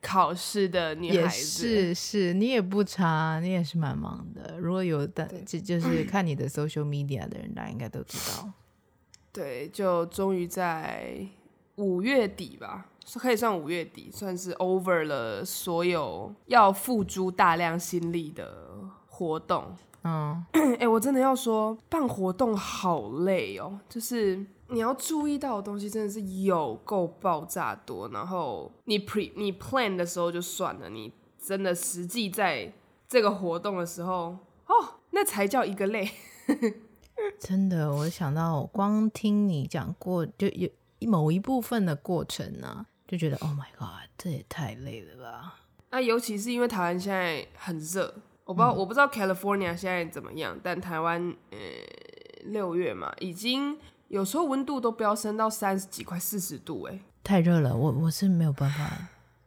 考試的女孩子，是是，你也不差，你也是蠻忙的。如果有但對就就是看你的 social media 的人，大家應該都知道。對，就終於在五月底吧，可以算五月底，算是 over 了所有要付諸大量心力的活動。嗯，哎、 欸，我真的要說，辦活動好累哦，就是。你要注意到的東西真的是有夠爆炸多，然後你 pre 你 plan 的時候就算了，你真的實際在這個活動的時候，哦，那才叫一個累。 真的，我想到光聽你講過就有某一部分的過程啊，就覺得 Oh my god，這也太累了吧。那、啊、尤其是因為台灣現在很熱，我我不知道、嗯、我不知道 California 現在怎麼樣，但台灣呃六月嘛，已經。有時候溫度都飆升到三十幾塊四十度，欸，太熱了，我我是沒有辦法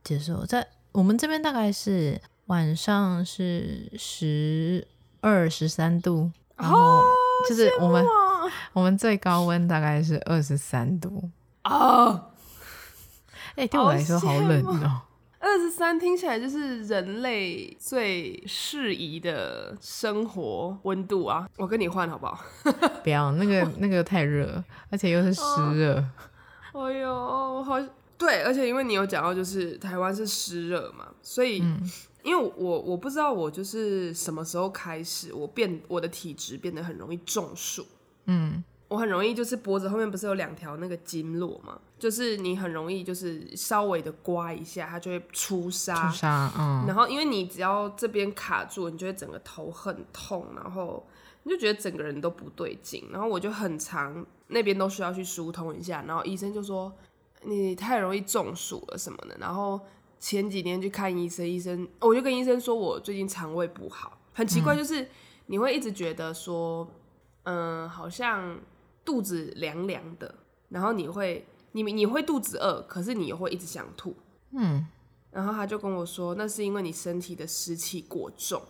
接受。在我們這邊大概是晚上是十二十三度，然後就是我們、哦啊、我們最高溫大概是二十三度啊，哎、哦，對、欸、我來說好，好冷哦。二十三聽起來就是人類最適宜的生活溫度啊！我跟你換好不好？ 不要，那個那個太熱，哦，而且又是濕熱、哦。哎呦，我好對，而且因為你有講到，就是台灣是濕熱嘛，所以、嗯、因為我我不知道我就是什麼時候開始，我變我的體質變得很容易中暑。嗯。我很容易就是脖子後面不是有兩條那個經絡嘛，就是你很容易就是稍微的刮一下，它就會出痧。出痧，嗯。然後因為你只要這邊卡住，你就會整個頭很痛，然後你就覺得整個人都不對勁。然後我就很常那邊都需要去疏通一下。然後醫生就說你太容易中暑了什麼的。然後前幾天去看醫生，醫生我就跟醫生說我最近腸胃不好，很奇怪，就是你會一直覺得說，嗯、呃，好像。肚子涼涼的，然後你會，你你會肚子餓，可是你又會一直想吐，嗯。然後他就跟我說，那是因為你身體的濕氣過重，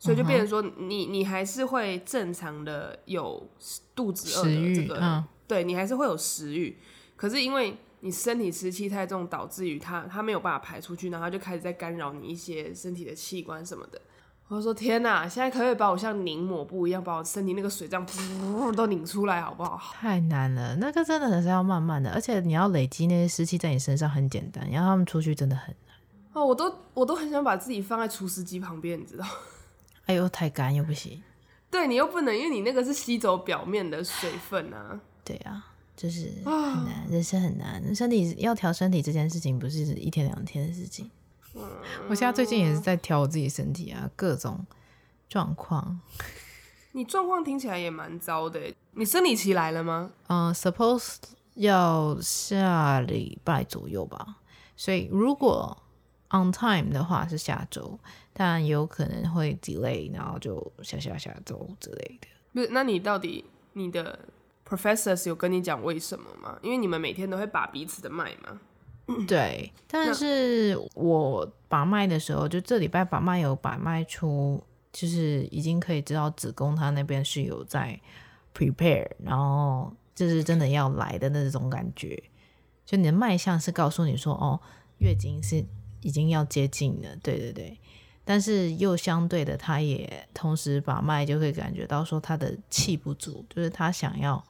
所以就變成說你，你、嗯、哼你還是會正常的有肚子餓的這個，嗯、對，你還是會有食慾，可是因為你身體濕氣太重，導致於它它沒有辦法排出去，然後它就開始在干擾你一些身體的器官什麼的。我說：“天哪，現在可不可以把我像擰抹布一樣，把我身體那個水這樣噗噗噗都擰出來，好不好？”太難了，那個真的還是要慢慢的，而且你要累積那些濕氣在你身上，很簡單，然後他們出去真的很難。哦，我都我都很想把自己放在除濕機旁邊，你知道？哎呦，太乾又不行。對，你又不能，因為你那個是吸走表面的水分啊。對啊，就是很難，人生、哦、很難。身體要調身體這件事情，不是一天兩天的事情。我現在最近也是在調我自己身體啊，各種狀況。你狀況聽起來也蠻糟的。你生理期來了嗎？嗯、uh，suppose 要下禮拜左右吧。所以如果 on time 的話是下周，但有可能會 delay，然後就下下下周之類的。不是？那你到底你的 professors 有跟你講為什麼嗎？因為你們每天都會把彼此的脈嗎？對，但是我把脈的時候，就這禮拜把脈有把脈出，就是已經可以知道子宮它那邊是有在 prepare，然後就是真的要來的那種感覺。就你的脈象是告訴你說，哦，月經是已經要接近了，對對對。但是又相對的，他也同時把脈就會感覺到說他的氣不足，就是他想要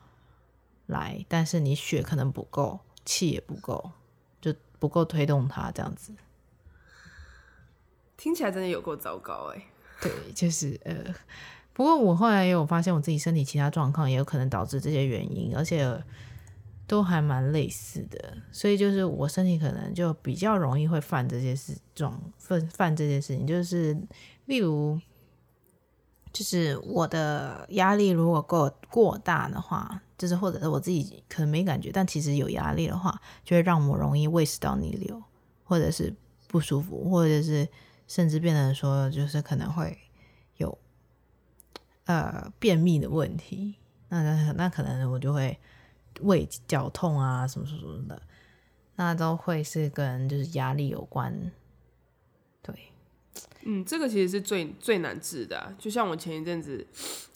來，但是你血可能不夠，氣也不夠。不夠推動它這樣子，聽起來真的有夠糟糕哎。對，就是呃，不過我後來也有發現，我自己身體其他狀況也有可能導致這些原因，而且都還蠻類似的。所以就是我身體可能就比較容易會犯這些事狀，犯犯這些事情，就是例如。就是我的壓力如果過過大的話，就是或者是我自己可能沒感覺，但其實有壓力的話，就會讓我容易胃食道逆流，或者是不舒服，或者是甚至變成說就是可能會有呃便秘的問題。那那可能我就會胃絞痛啊，什麼什麼什麼的，那都會是跟就是壓力有關，對。嗯，這個其實是最最難治的啊，就像我前一陣子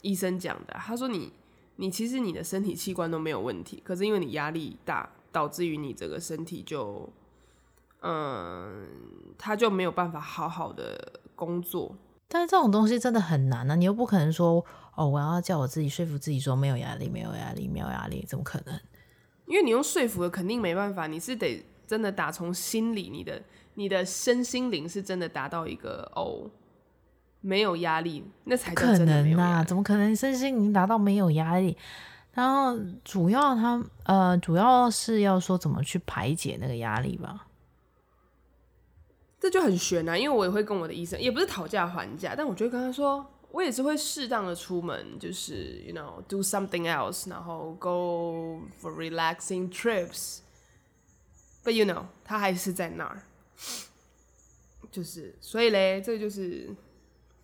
醫生講的啊，他說你你其實你的身體器官都沒有問題，可是因為你壓力大，導致於你這個身體就，嗯，他就沒有辦法好好的工作。但是這種東西真的很難呢啊，你又不可能說哦，我要叫我自己說服自己說沒有壓力，沒有壓力，沒有壓力，怎麼可能？因為你用說服的肯定沒辦法，你是得真的打從心裡你的。你的身心靈是真的達到一個哦，沒有壓力，那才可能吶、啊？怎麼可能身心已經達到沒有壓力？然後主要他呃，主要是要說怎麼去排解那個壓力吧？這就很玄吶、啊，因為我也會跟我的醫生，也不是討價還價，但我就跟他說，我也是會適當的出門，就是 you know do something else，然後 go for relaxing trips，but you know，他還是在那兒。就是，所以嘞，這就是。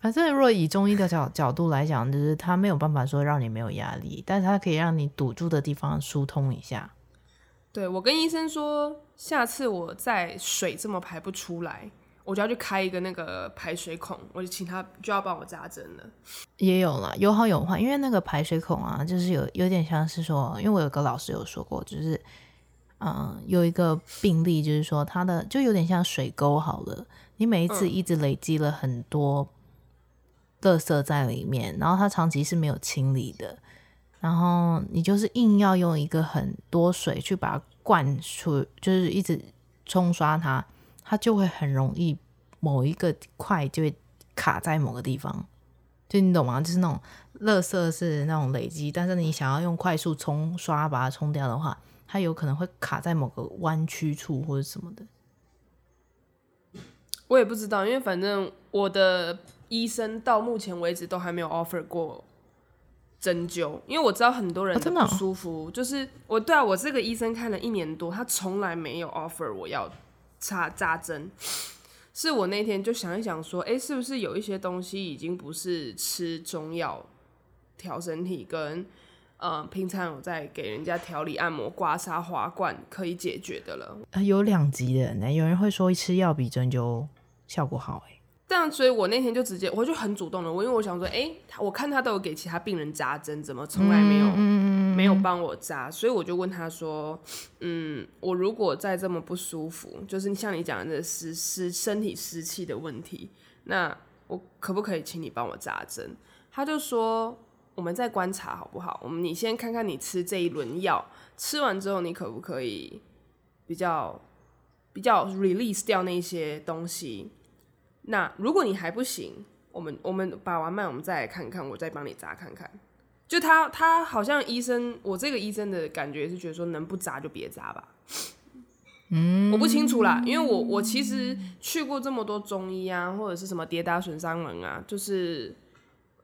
反正、啊、如果以中醫的角角度來講， 就是他沒有辦法說讓你沒有壓力，但是他可以讓你堵住的地方疏通一下。對，我跟醫生說，下次我在水這麼排不出來，我就要去開一個那個排水孔，我就請他就要幫我扎針了。也有了，有好有壞，因為那個排水孔啊，就是有有點像是說，因為我有個老師有說過，就是。嗯，有一個病例，就是說它的就有點像水溝好了，你每一次一直累積了很多垃圾在裡面，然後它長期是沒有清理的，然後你就是硬要用一個很多水去把它灌出，就是一直沖刷它，它就會很容易某一個塊就會卡在某個地方，就你懂嗎？就是那種垃圾是那種累積，但是你想要用快速沖刷把它沖掉的話。它有可能會卡在某個彎曲處或者什麼的，我也不知道，因為反正我的醫生到目前為止都還沒有 offer 過針灸，因為我知道很多人很不舒服，哦哦、就是我對啊，我這個醫生看了一年多，他從來沒有 offer 我要扎扎針，是我那天就想一想說，哎，是不是有一些東西已經不是吃中藥、調身體跟。呃、嗯，平常有在給人家調理、按摩、刮痧、滑罐可以解決的了。啊、呃，有兩級的，那、欸、有人會說吃藥比針灸效果好這、欸、樣，所以我那天就直接，我就很主動的。我因為我想說，哎、欸，我看他都有給其他病人扎針，怎麼從來沒有沒有幫我扎？所以我就問他說，嗯，我如果再這麼不舒服，就是像你講的是是身體濕氣的問題，那我可不可以請你幫我扎針？他就說。我們再觀察好不好？我們你先看看你吃這一輪藥，吃完之後你可不可以比較比較 release 掉那些東西。那如果你還不行，我們我們把完脈，我們再來看看，我再幫你扎看看。就他他好像醫生，我這個醫生的感覺是覺得說能不扎就別扎吧。嗯，我不清楚啦，因為我我其實去過這麼多中醫啊，或者是什麼跌打損傷人啊，就是。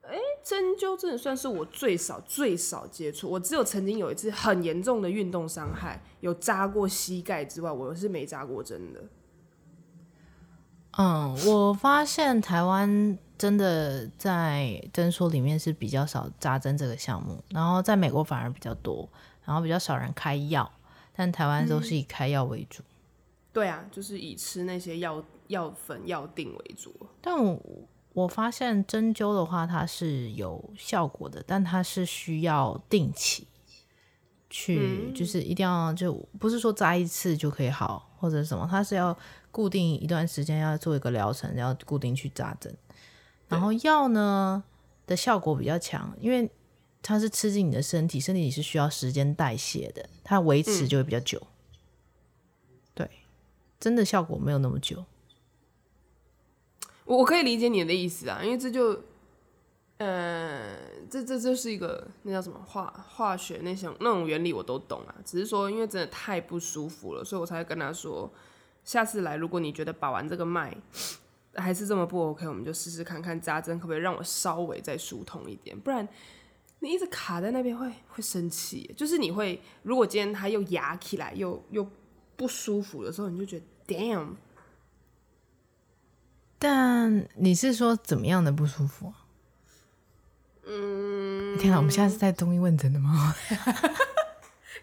哎，針灸真的算是我最少最少接觸，我只有曾經有一次很嚴重的運動傷害，有扎過膝蓋之外，我是沒扎過針的。嗯，我發現台灣真的在診所裡面是比較少扎針這個項目，然後在美國反而比較多，然後比較少人開藥，但台灣都是以開藥為主。嗯、對啊，就是以吃那些藥藥粉藥錠為主。但我。我發現針灸的話，它是有效果的，但它是需要定期去，嗯、就是一定要就不是說扎一次就可以好或者什麼，它是要固定一段時間要做一個療程，然後固定去扎針。然後藥呢、嗯、的效果比較強，因為它是吃進你的身體，身體是需要時間代謝的，它維持就會比較久。嗯、對，真的效果沒有那麼久。我可以理解你的意思啊，因為這就，呃，這這這就是一個那叫什麼化化學那項那種原理我都懂啊，只是說因為真的太不舒服了，所以我才會跟他說，下次來如果你覺得把完這個脈還是這麼不 OK，我們就試試看看扎針可不可以讓我稍微再疏通一點，不然你一直卡在那邊會會生氣，就是你會如果今天他又啞起來又又不舒服的時候，你就覺得 damn。但你是說怎麼樣的不舒服？嗯，天哪，我們現在是在中醫問診的嗎？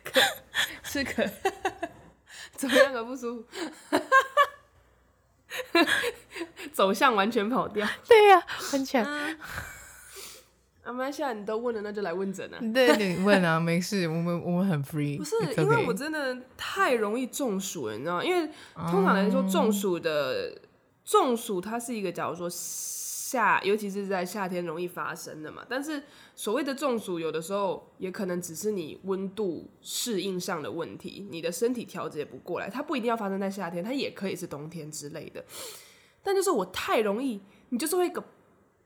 可， 是可， 怎麼樣的不舒服？ 走向完全跑掉，對呀，很強。阿麥、嗯啊，現在你都問了，那就來問診啊！對，對，對，你問啊， 沒事，我們我們很 free。不是 it's okay. 因為我真的太容易中暑了，你知道嗎？因為通常來說，中暑的、嗯。中暑它是一個，假如說夏，尤其是在夏天容易發生的嘛。但是所謂的中暑，有的時候也可能只是你溫度適應上的問題，你的身體調節不過來，它不一定要發生在夏天，它也可以是冬天之類的。但就是我太容易，你就是會一個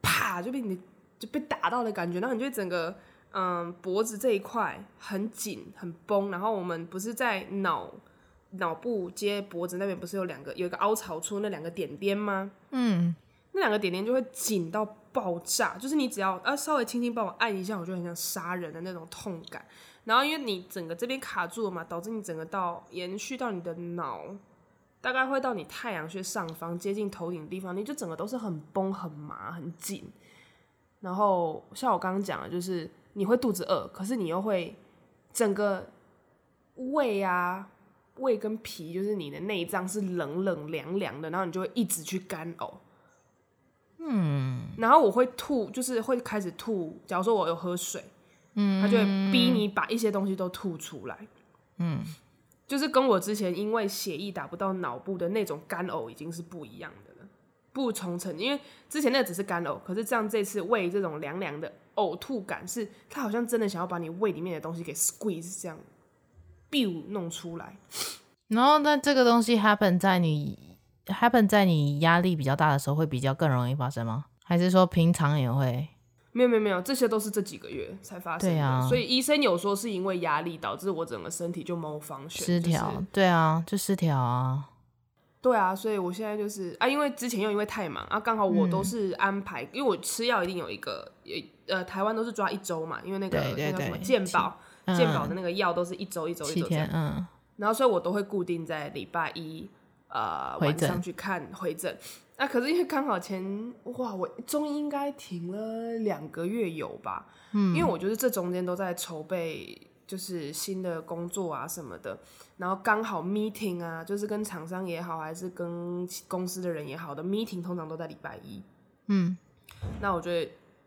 啪，就被你就被打到的感覺，然後你就整個嗯、呃、脖子這一塊很緊，很繃，然後我們不是在腦。腦部接脖子那邊不是有兩個有一個凹槽出那兩個點點嗎？嗯，那兩個點點就會緊到爆炸，就是你只要、啊、稍微輕輕幫我按一下，我就很想殺人的那種痛感。然後因為你整個這邊卡住了嘛，導致你整個到延續到你的腦，大概會到你太陽穴上方接近頭頂的地方，你就整個都是很崩、很麻、很緊。然後像我剛剛講的，就是你會肚子餓，可是你又會整個胃呀、啊。胃跟脾，就是你的內臟是冷冷涼涼的，然後你就會一直去乾嘔，嗯，然後我會吐，就是會開始吐。假如說我有喝水，嗯，他就會逼你把一些東西都吐出來，嗯，就是跟我之前因為血液打不到腦部的那種乾嘔已經是不一樣的了，不重沉。因為之前那只是乾嘔，可是像這次胃這種涼涼的嘔吐感是，是它好像真的想要把你胃裡面的東西給 squeeze，這樣。B 弄出來，然後那這個東西 happen 在你 happen 在你壓力比較大的時候會比較更容易發生嗎？還是說平常也會？沒有沒有沒有，這些都是這幾個月才發生的。對啊，所以醫生有說是因為壓力導致我整個身體就沒有防血失調，就是、對啊，就失調啊，對啊，所以我現在就是啊，因為之前又因為太忙啊，剛好我都是安排，嗯、因為我吃藥一定有一個也呃，台灣都是抓一周嘛，因為那個對對對那個健保。建的那個藥都是一周一周一周這樣，然後所以我都會固定在禮拜一，呃，晚上去看回診。那可是因為剛好前哇，我中醫應該停了兩個月有吧？因為我覺得這中間都在籌備，就是新的工作啊什麼的，然後剛好 meeting 啊，就是跟廠商也好，還是跟公司的人也好的 meeting，通常都在禮拜一。嗯，那我就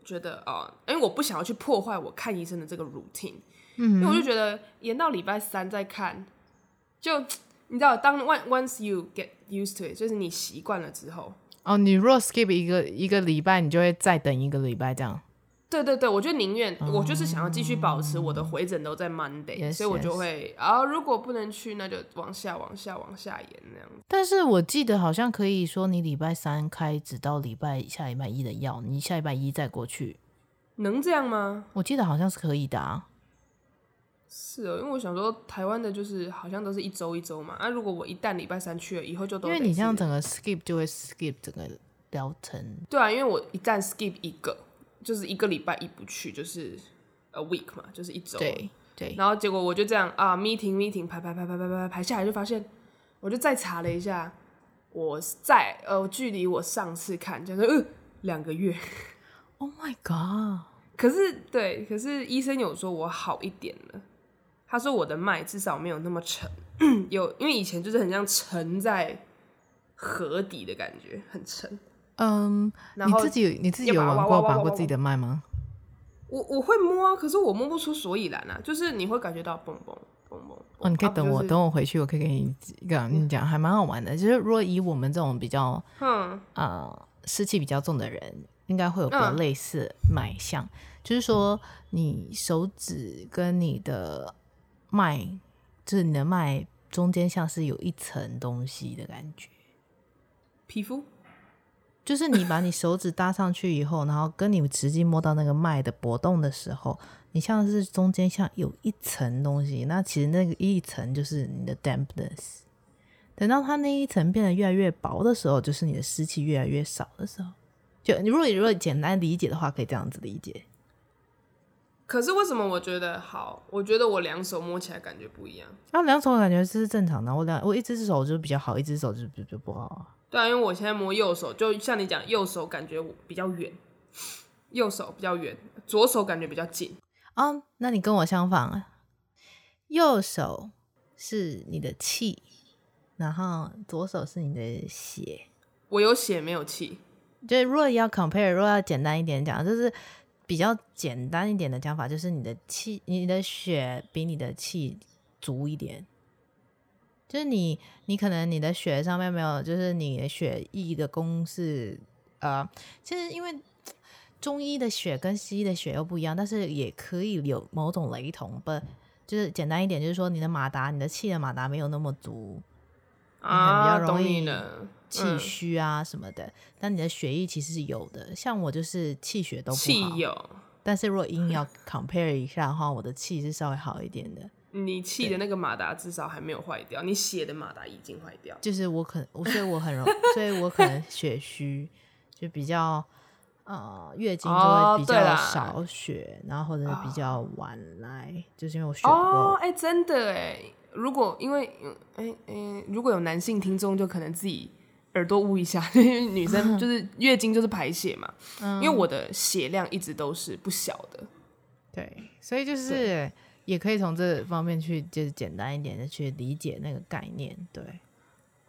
覺得哦、啊，因為我不想要去破壞我看醫生的這個 routine。嗯，因為我就覺得延到禮拜三再看，就你知道，當 once you get used to it，就是你習慣了之後哦。你若 skip 一個一個禮拜，你就會再等一個禮拜這樣。對對對，我覺得寧願、嗯、我就是想要繼續保持我的回診都在 Monday，Yes, 所以我就會啊。yes. 然後如果不能去，那就往下往下往下延那樣子。但是我記得好像可以說你禮拜三開只到禮拜下禮拜一的藥，你下禮拜一再過去，能這樣嗎？我記得好像是可以的啊。 是哦，因為我想說，台灣的就是好像都是一周一周嘛。那、啊、如果我一旦禮拜三去了，以後就都因為你這樣整個 skip 就會 skip 整個療程 。對啊，因為我一旦 skip 一個，就是一個禮拜一不去，就是 a week 嘛，就是一周。對對。然後結果我就這樣啊，meeting meeting 排排排排排排排，排下來，就發現我就再查了一下，我在呃，距離我上次看就是嗯，兩個月。 Oh my god！ 可是對，可是醫生有說我好一點了。他說我的脈至少沒有那麼沉，有，因為以前就是很像沉在河底的感覺，很沉。嗯，你自己你自己有玩過把過自己的脈嗎？我我會摸啊，可是我摸不出所以然啊，就是你會感覺到蹦蹦蹦蹦。哦，啊、你可以等我，就是、等我回去，我可以跟你講你講，嗯、還蠻好玩的。就是如果以我們這種比較嗯啊濕氣比較重的人，應該會有個類似脈象，嗯、就是說你手指跟你的。脈，就是你的脈中間像是有一層東西的感覺。皮膚膚，就是你把你手指搭上去以後， 然後跟你實際摸到那個脈的搏動的時候，你像是中間像有一層東西。那其實那個一層就是你的 dampness。等到它那一層變得越來越薄的時候，就是你的濕氣越來越少的時候。就你如果你如果你簡單理解的話，可以這樣子理解。可是為什麼我覺得好？我覺得我兩手摸起來感覺不一樣。那、啊、兩手感覺是正常的。我兩我一隻手就比較好，一隻手就就不好。對啊，因為我現在摸右手，就像你講，右手感覺我比較遠，右手比較遠，左手感覺比較近啊、哦，那你跟我相反啊。右手是你的氣，然後左手是你的血。我有血沒有氣。就如果要 compare，如果要簡單一點講，就是。比較簡單一點的講法就是你的氣、你的血比你的氣足一點，就是你、你可能你的血上面沒有，就是你的血液的公式，呃，其實因為中醫的血跟西醫的血又不一樣，但是也可以有某種雷同，不就是簡單一點，就是說你的馬達、你的氣的馬達沒有那麼足啊，比較容易呢。氣虛啊什麼的，嗯、但你的血液其實是有的。像我就是氣血都不好，氣有，但是如果硬要 compare 一下的話，我的氣是稍微好一點的。你氣的那個馬達至少還沒有壞掉，對你血的馬達已經壞掉。就是我可能，所以我很容， 所以我可能血虛，就比較 呃，月經就會比較少血，oh, 然後或者是比較晚來，oh. 就是因為我血不夠哦，哎、oh, 欸，真的哎，如果因為嗯、欸欸、如果有男性聽眾，就可能自己。耳朵捂一下，因為女生就是月經就是排血嘛，嗯、因為我的血量一直都是不小的，對，所以就是也可以從這方面去，就是簡單一點的去理解那個概念，對，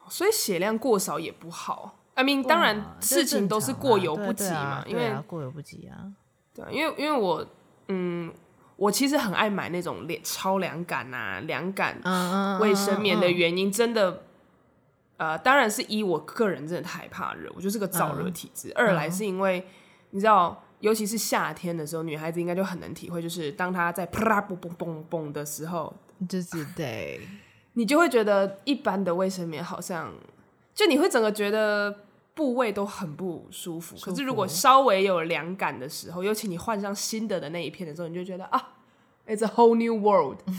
所以血量過少也不好，I mean，、哦，當然事情都是過猶不及嘛，啊對對啊、因為、啊、過猶不及啊，對，因為因為我嗯，我其實很愛買那種臉超涼感啊，涼感衛生棉的原因真的。嗯嗯呃，當然是一，我個人，真的太怕熱，我就是個燥熱體質。嗯、二來是因為，嗯、你知道，尤其是夏天的時候，女孩子應該就很能體會，就是當她在啪啦嘣嘣嘣嘣的時候，就是對、啊，你就會覺得一般的衛生棉好像，就你會整個覺得部位都很不舒服。舒服，可是如果稍微有涼感的時候，尤其你換上新的的那一片的時候，你就覺得啊，it's a whole new world、嗯。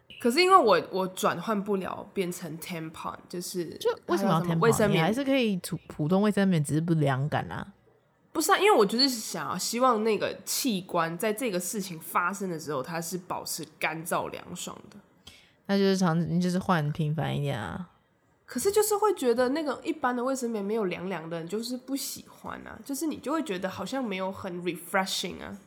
可是因為我我轉換不了變成 tampon，就是就為什麼要 tampon？你還，還是可以普普通衛生棉，只是不涼感啊。不是啊，因為我就是想要希望那個器官在這個事情發生的時候，它是保持乾燥涼爽的。那就是常，你就是換頻繁一點啊。可是就是會覺得那個一般的衛生棉沒有涼涼的，你就是不喜歡啊。就是你就會覺得好像沒有很 refreshing 啊。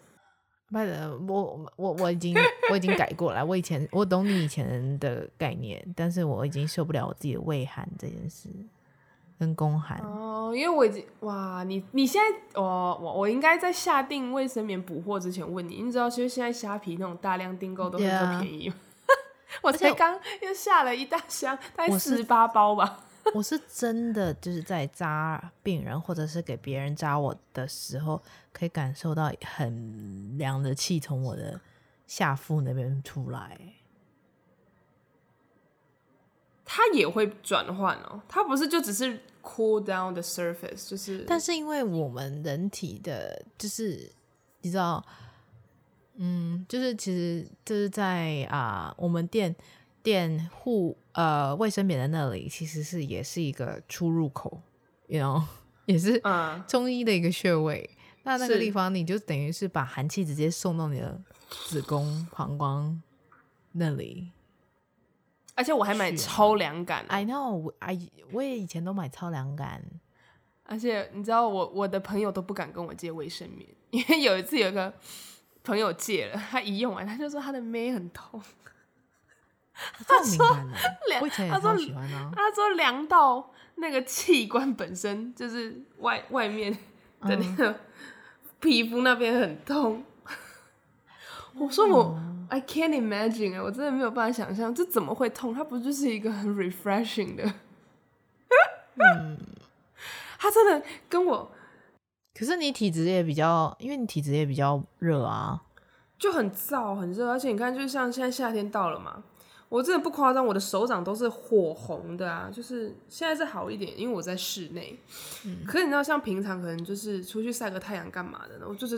反正我我我已經我已經改過了， 我以前我懂你以前的概念，但是我已經受不了我自己的胃寒這件事跟宮寒哦，因為我已經哇，你你現在我我我應該在下訂衛生棉補貨之前問你，你知道其實現在蝦皮那種大量訂購都比較便宜嗎？Yeah. 我才剛又下了一大箱，大概十八包吧。 我是真的就是在扎病人，或者是給別人扎我的時候，可以感受到很涼的氣從我的下腹那邊出來。它也會轉換哦，它不是就只是 cool down the surface，就是但是因為我們人體的，就是你知道，嗯，就是其實就是在啊，我們電電護。呃，衛生棉的那裡其實是也是一個出入口，you know，也是中醫的一個穴位。嗯、那那個地方，你就等於是把寒氣直接送到你的子宮、膀胱那裡。而且我還買超涼感、啊、，I know，我，我也以前都買超涼感。而且你知道我，我我的朋友都不敢跟我借衛生棉，因為有一次有一個朋友借了，他一用完他就說他的妹很痛。啊、他說：“他說涼到那個器官本身，就是外外面的、嗯、那個皮膚那邊很痛。 ”我說我：“我、嗯、I can't imagine，我真的沒有辦法想象，這怎麼會痛？它不就是一個很 refreshing 的？ 嗯，他真的跟我。可是你體質也比較，因為你體質也比較熱啊，就很燥、很熱。而且你看，就像現在夏天到了嘛。”我真的不誇張，我的手掌都是火紅的啊！就是現在是好一點，因為我在室內。嗯，可是你知道，像平常可能就是出去曬個太陽幹嘛的，我就是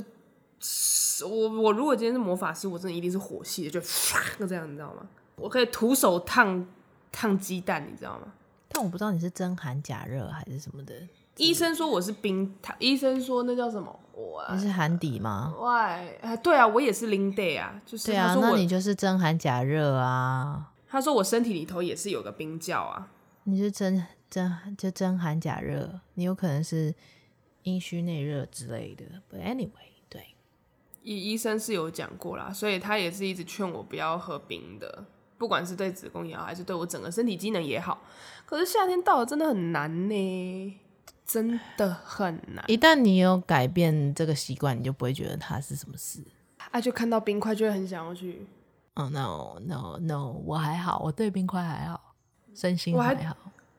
我我如果今天是魔法師，我真的一定是火系的，就就這樣，你知道嗎？我可以徒手燙燙雞蛋，你知道嗎？但我不知道你是真寒假熱還是什麼的。對醫生說我是冰，他醫生說那叫什麼？Why, 你是寒底嗎？哇，對啊，我也是零 d 啊，就是。對啊，那你就是真寒假熱啊。他說我身體裡頭也是有個冰窖啊。你是真真就真寒假熱，你有可能是陰虛內熱之類的。But anyway，對，醫醫生是有講過啦，所以他也是一直勸我不要喝冰的，不管是對子宮也好，還是對我整個身體機能也好。可是夏天到了，真的很難呢。真的很難。一旦你有改變這個習慣，你就不會覺得它是什麼事。啊，就看到冰塊就會很想要去。Oh, no no no，我還好，我對冰塊還好，身心還好。我還,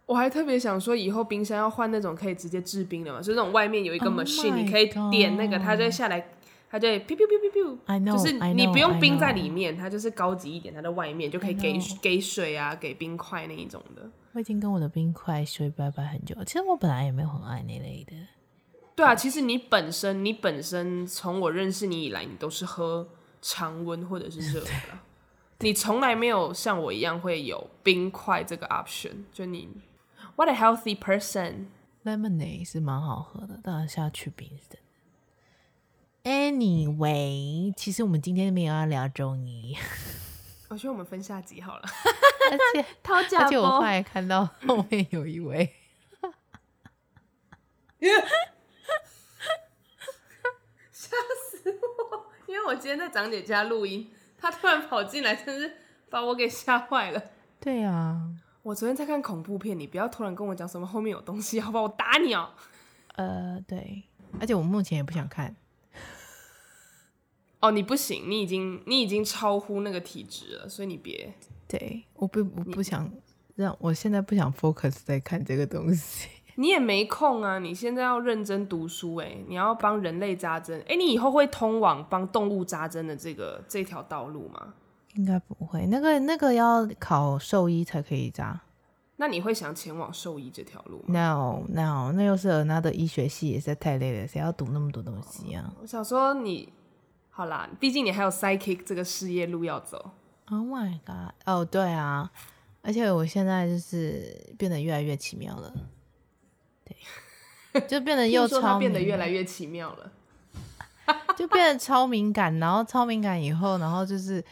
我還特別想說，以後冰箱要換那種可以直接制冰的嘛，就那種外面有一個 machine，你可以點那個，oh、它就下來。它就 biu biu biu biu biu，就是你不用冰在裡面，I know，它就是高級一點，它在外面就可以給 I know. 給水啊，給冰塊那一種的。我已經跟我的冰塊說拜拜很久了，其實我本來也沒有很愛那類的。對啊，其實你本身你本身從我認識你以來，你都是喝常溫或者是熱的， 對你從來沒有像我一樣會有冰塊這個 option。就你，What a healthy person！Lemonade 是蠻好喝的，當然現在去冰的。Anyway，其實我們今天沒有要聊中醫，我覺得我們分下集好了。 而且， 假包而且我後來看到後面有一位，嚇 死我！因為我今天在長姐家錄音，他突然跑進來，真是把我給嚇壞了。對啊，我昨天在看恐怖片，你不要突然跟我講什麼後面有東西，好不好？我打你哦。呃，對，而且我目前也不想看。哦，oh, 你不行，你已經你已經超乎那個體質了，所以你別。對，我不我不想讓我現在不想 focus 在看這個東西。你也沒空啊，你現在要認真讀書誒。你要幫人類扎針誒，你以後會通往幫動物扎針的這個這條道路嗎？應該不會，那個那個要考獸醫才可以扎。那你會想前往獸醫這條路嗎？No No，那又是 another 醫學系也是太累了，誰要讀那麼多東西啊？Oh, 我想說你。好啦，畢竟你還有 psychic 這個事業路要走。Oh my god！哦、oh，對啊，而且我現在就是變得越來越奇妙了，對， 就變得又超變得越來越奇妙了， 就變得超敏感，然後超敏感以後，然後就是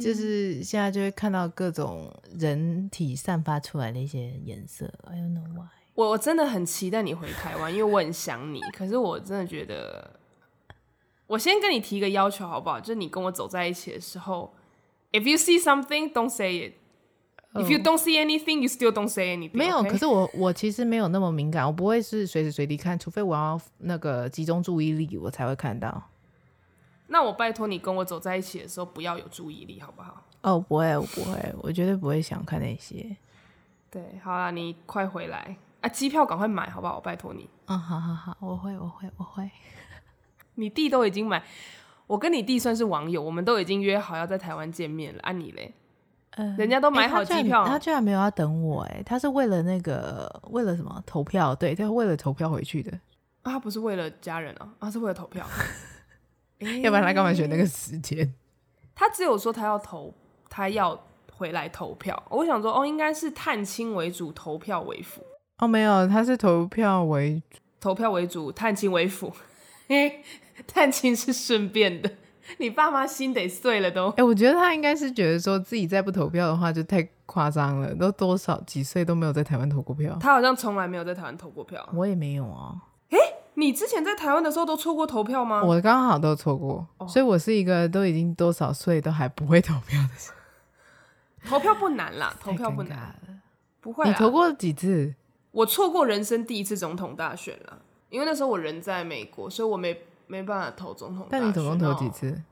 就是現在就會看到各種人體散發出來的一些顏色。I don't know why。我我真的很期待你回台灣， 因為我很想你。可是我真的覺得。我先跟你提一個要求好不好？就是你跟我走在一起的時候，If you see something, don't say it. If you don't see anything, you still don't say anything, okay? 呃，沒有，可是我我其實沒有那麼敏感，我不會是隨時隨地看，除非我要那個集中注意力，我才會看到。那我拜託你跟我走在一起的時候不要有注意力好不好？哦，不會，我不會，我絕對不會想看那些。 對，好啦，你快回來啊！機票趕快買好不好？我拜託你。嗯，好好好，我會，我會，我會。你弟都已經買，我跟你弟算是網友，我們都已經約好要在台灣見面了。啊你，你嘞、嗯？人家都買好機票、啊欸他。他居然沒有要等我、欸，哎，他是為了那個，為了什麼投票？對，他為了投票回去的。啊，他不是為了家人啊，啊，是為了投票。 欸、要不然他幹嘛選那個時間？他只有說他要投，他要回來投票。我想說，哦，應該是探親為主，投票為輔。哦，沒有，他是投票為主，投票為主，探親為輔。欸、探親是順便的，你爸媽心得碎了都。哎、欸，我覺得他應該是覺得說，自己再不投票的話，就太誇張了。都多少幾歲都沒有在台灣投過票，他好像從來沒有在台灣投過票，啊。我也沒有啊，哦。哎、欸，你之前在台灣的時候都錯過投票嗎？我剛好都錯過，oh. 所以我是一個都已經多少歲都還不會投票的人。投票不難啦，投票不難，了不會。你投過幾次？我錯過人生第一次總統大選了。因為那時候我人在美國，所以我沒沒辦法投總統。但你總共投幾次？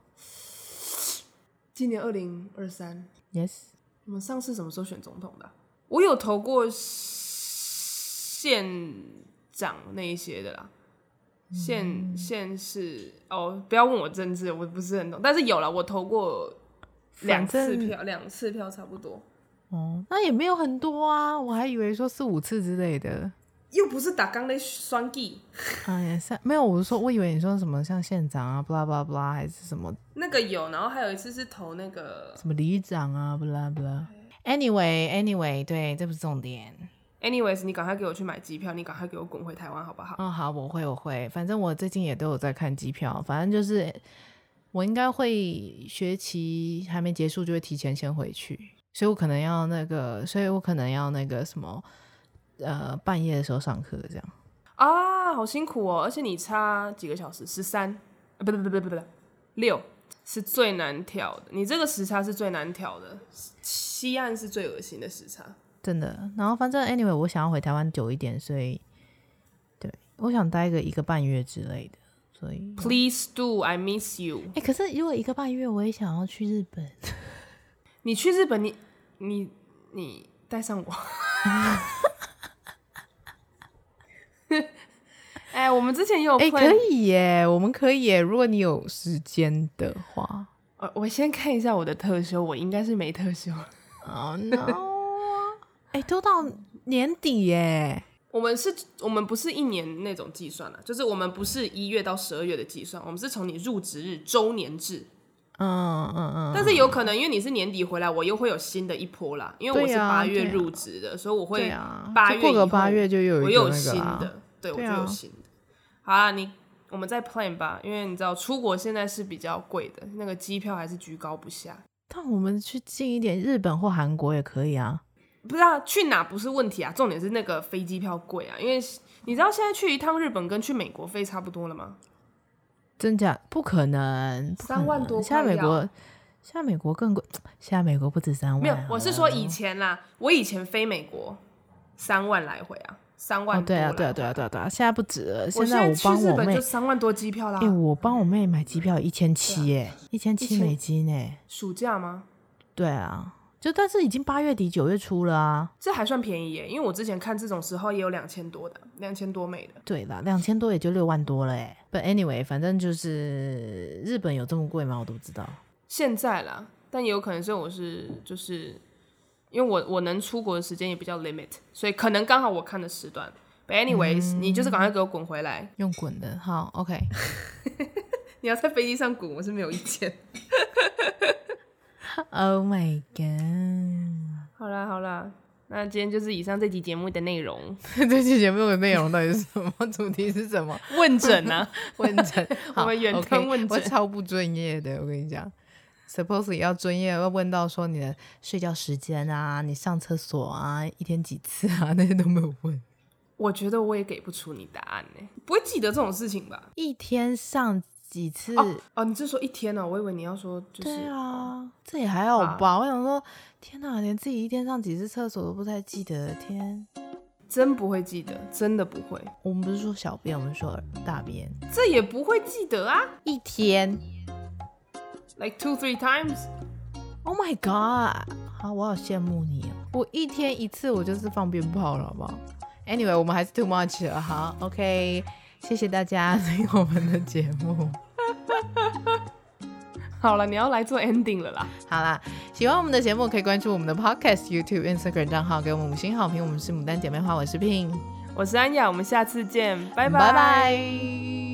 今年二零二三，yes。我們上次什麼時候選總統的？我有投過縣長那一些的啦。縣縣市哦，不要問我政治，我不是很懂。但是有啦，我投過兩次票，兩正次票差不多。哦、嗯，那也沒有很多啊，我還以為說四五次之類的。又不是打鋼的雙 G，哎呀，沒有，我是說，我以為你說什麼像縣長啊 bl、ah、，blah b l a b l a 還是什麼？那個有，然後還有一次是投那個什麼里長啊 bl、ah、，blah b l a Okay. Anyway，Anyway，對，這不是重點。Anyways，你趕快給我去買機票，你趕快給我滾回台灣，好不好？嗯、哦，好，我會，我會，反正我最近也都有在看機票，反正就是我應該會學期還沒結束就會提前先回去，所以我可能要那個，所以我可能要那個什麼。呃，半夜的時候上課這樣啊，好辛苦哦！而且你差幾個小時，十三？不對不對不對不對，六是最難調的。你這個時差是最難調的，西岸是最噁心的時差，真的。然後反正 anyway，我想要回台灣久一點，所以對，我想待個一個半月之類的。所以 Please do, I miss you。哎，可是如果一個半月，我也想要去日本。 你去日本你，你你你帶上我。 哎、 欸，我們之前也有哎、欸，可以耶，我們可以耶。如果你有時間的話，我我先看一下我的特休，我應該是沒特休哦。 oh, n no .哎、欸，都到年底耶，我們是，我們不是一年那種計算了，就是我們不是一月到十二月的計算，我們是從你入職日週年制。嗯嗯嗯，嗯嗯，但是有可能，因為你是年底回來，我又會有新的一波啦。因為我是八月入職的，啊啊、所以我會八月、啊、過個八月就又有、一個個、啊、有新的，對、對、啊、我就有新的。好啊，你我們再 plan 吧，因為你知道出國現在是比較貴的，那個機票還是居高不下。但我們去近一點，日本或韓國也可以啊。不知道、啊、去哪不是問題啊，重點是那個飛機票貴啊。因為你知道現在去一趟日本跟去美國飛差不多了嗎？真假不可能，可能三萬多塊，現在美國，現在美國更貴，現在美國不止三萬。沒有，我是說以前啦，我以前飛美國三萬來回啊，三萬多、啊哦。對啊，對啊，對啊，對啊，對啊現在不止，現在,現在我去日本，就三萬多機票啦。哎、欸，我幫我妹買機票一千七，哎、啊，一千七美金哎，暑假嗎？對啊。就但是已經八月底九月初了啊，這還算便宜耶，因為我之前看這種時候也有兩千多的，兩千多美的。對啦，兩千多也就六萬多了哎。But anyway，反正就是日本有這麼貴嗎？我都不知道。現在啦，但也有可能是我是就是，因為我我能出國的時間也比較 limit，所以可能剛好我看的時段。But anyways，、嗯、你就是趕快給我滾回來。用滾的好，OK。 你要在飛機上滾，我是沒有意見。 Oh my god！好啦好啦，那今天就是以上這期節目的內容。 這期節目的內容到底是什麼？ 主題是什麼？問診啊，問診。我們遠端問診，okay, 超不專業的，我跟你講，suppose 要專業，我要問到說你的睡覺時間啊，你上廁所啊，一天幾次啊，那些都沒有問。我覺得我也給不出你答案呢、欸，不會記得這種事情吧？ 一天上。幾次？哦、啊啊，你是說一天呢、啊？我以為你要說、就是……對啊，這也還好吧。啊、我想說，天哪，連自己一天上幾次廁所都不太記得，天，真不會記得，真的不會。我們不是說小便，我們說大便，這也不會記得啊。一天，like two three times？Oh my god！好，我好羨慕你哦。我一天一次，我就是放鞭炮了，好不好？Anyway，我們還是 too much 了。好，OK。謝謝大家聽我們的節目。 好了，你要來做 ending 了啦。好啦，喜歡我們的節目可以關注我們的 podcast、YouTube、Instagram 賬號，給我們五星好評。我們是牡丹姐妹花，我是 p i n，我是安雅，我們下次見，拜拜。Bye bye